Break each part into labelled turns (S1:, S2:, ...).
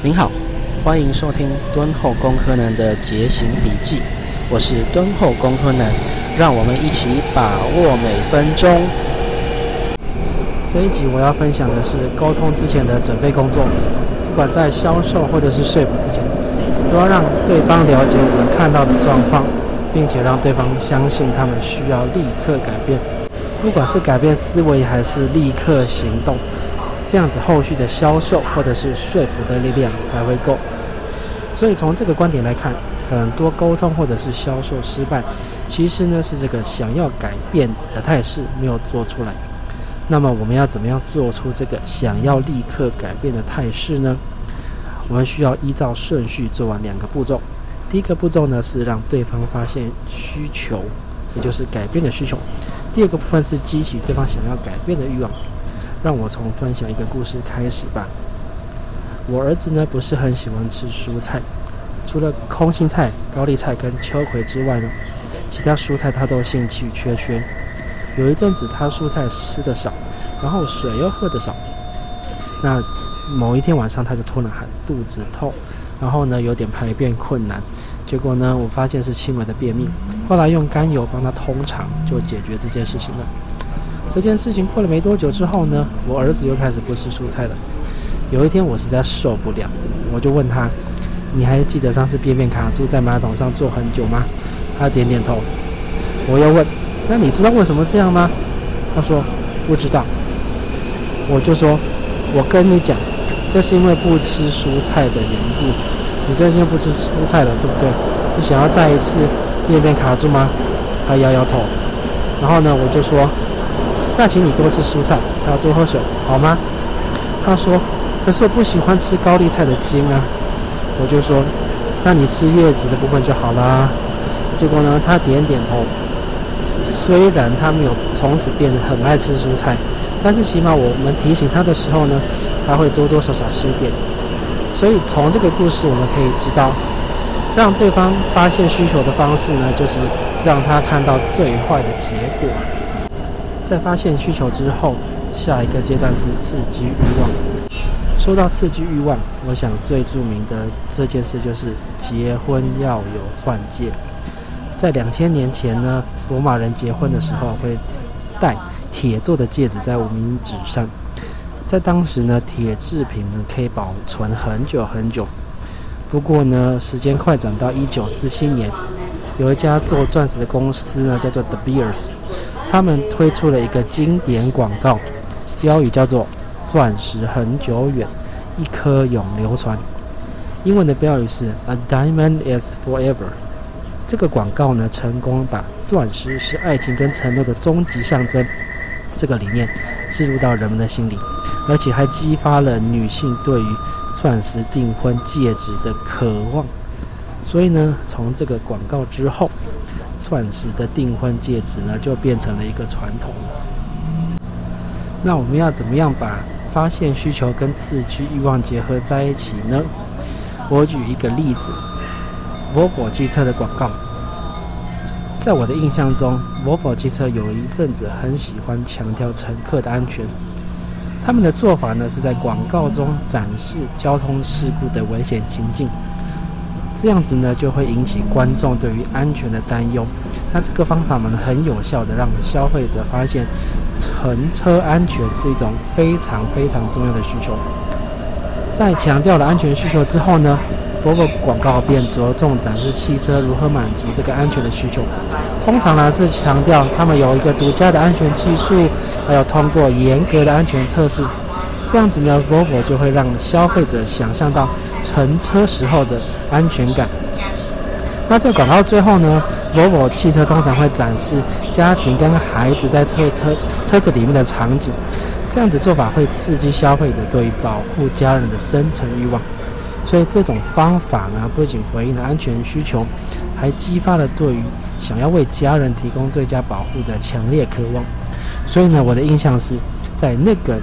S1: 您好，歡迎收聽敦厚工科男的節行筆記，我是敦厚工科男，讓我們一起把握每分鐘。這一集我要分享的是溝通之前的準備工作，不管在銷售或者是說服之前，都要讓對方了解我們看到的狀況，並且讓對方相信他們需要立刻改變，不管是改變思維還是立刻行動。這樣子後續的銷售或者是說服的力量才會夠。所以從這個觀點來看，很多溝通或者是銷售失敗，其實呢是這個想要改變的態勢沒有做出來。那麼我們要怎麼樣做出這個想要立刻改變的態勢呢？我們需要依照順序做完兩個步驟。第一個步驟呢是讓對方發現需求，也就是改變的需求。第二個部分是激起對方想要改變的慾望。讓我從分享一個故事開始吧。我兒子呢不是很喜歡吃蔬菜，除了空心菜、高麗菜跟秋葵之外呢，其他蔬菜他都興趣缺缺。有一陣子他蔬菜吃得少，然後水又喝得少。那某一天晚上他就突然喊肚子痛，然後呢有點排便困難，結果呢我發現是輕微的便秘，後來用甘油幫他通腸就解決這件事情了。這件事情過了沒多久之後呢，我兒子又開始不吃蔬菜了。有一天我實在受不了，我就問他：“你還記得上次便便卡住在馬桶上坐很久嗎？”他點點頭。我又問：“那你知道為什麼這樣嗎？”他說：“不知道。”我就說：“我跟你講，這是因為不吃蔬菜的緣故。你最近不吃蔬菜了，對不對？你想要再一次便便卡住嗎？”他搖搖頭。然後呢，我就說。那請你多吃蔬菜，還要多喝水，好嗎？他說：“可是我不喜歡吃高麗菜的莖啊。”我就說：“那你吃葉子的部分就好了啊。”結果呢，他點點頭。雖然他沒有從此變得很愛吃蔬菜，但是起碼我們提醒他的時候呢，他會多多少少吃一點。所以從這個故事我們可以知道，讓對方發現需求的方式呢，就是讓他看到最壞的結果。在發現需求之後，下一個階段是刺激欲望。說到刺激欲望，我想最著名的這件事就是結婚要有鑽戒。在兩千年前呢，羅馬人結婚的時候會戴鐵做的戒指在無名指上。在當時呢，鐵製品呢可以保存很久很久。不過呢，時間快轉到一九四七年。有一家做鑽石的公司呢，叫做 De Beers，他們推出了一個經典廣告，標語叫做“鑽石恆久遠，一顆永流傳”，英文的標語是 “A diamond is forever”。這個廣告呢，成功把“鑽石是愛情跟承諾的終極象徵”這個理念，記錄到人們的心裡，而且還激發了女性對於鑽石訂婚戒指的渴望。所以呢，從這個廣告之後，鑽石的訂婚戒指呢就變成了一個傳統。那我們要怎麼樣把發現需求跟刺激慾望結合在一起呢？我舉一個例子：Volvo 汽車的廣告。在我的印象中，Volvo 汽車有一陣子很喜歡強調乘客的安全。他們的做法呢是在廣告中展示交通事故的危險情境。這樣子呢，就會引起觀眾對於安全的擔憂。那這個方法呢，很有效地讓消費者發現，乘車安全是一種非常非常重要的需求。在強調了安全需求之後呢，多個廣告便着重展示汽車如何滿足這個安全的需求。通常呢，是強調他們有一個獨家的安全技術，還有通過嚴格的安全測試。這樣子呢，Volvo 就會讓消費者想象到乘車時候的安全感。那在廣告最後呢，Volvo 汽車通常會展示家庭跟孩子在車車車子裡面的場景。這樣子做法會刺激消費者對於保護家人的生存慾望。所以這種方法呢，不僅回應了安全需求，還激發了對於想要為家人提供最佳保護的強烈渴望。所以呢，我的印象是在那個。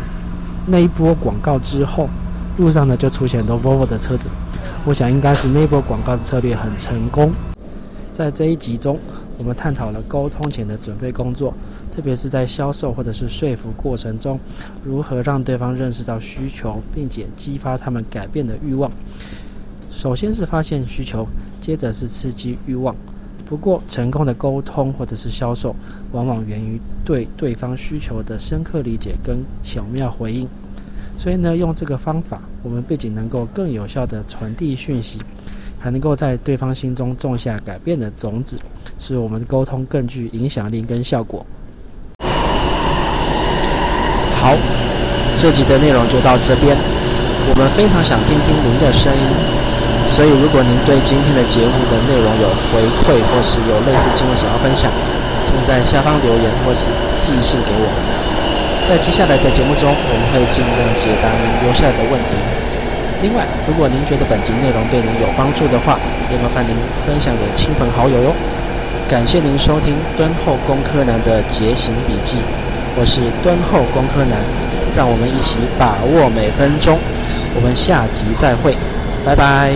S1: 那一波廣告之後，路上呢就出現很多 Volvo 的車子，我想應該是那波廣告的策略很成功。在這一集中，我們探討了溝通前的準備工作，特別是在銷售或者是說服過程中，如何讓對方認識到需求，並且激發他們改變的慾望。首先是發現需求，接着是刺激慾望。不過，成功的溝通或者是銷售，往往源於對對方需求的深刻理解跟巧妙回應。所以呢，用這個方法，我們不僅能夠更有效的傳遞訊息，還能夠在對方心中種下改變的種子，使我們溝通更具影響力跟效果。好，這集的內容就到這邊，我們非常想聽聽您的聲音。所以，如果您對今天的節目的內容有回饋，或是有類似經歷想要分享，請在下方留言或是寄信給我們。在接下來的節目中，我們會盡量解答您留下來的問題。另外，如果您覺得本集內容對您有幫助的話，也麻煩您分享給親朋好友喲。感謝您收聽敦厚工科男的節行筆記，我是敦厚工科男，讓我們一起把握每分鐘。我們下集再會，拜拜。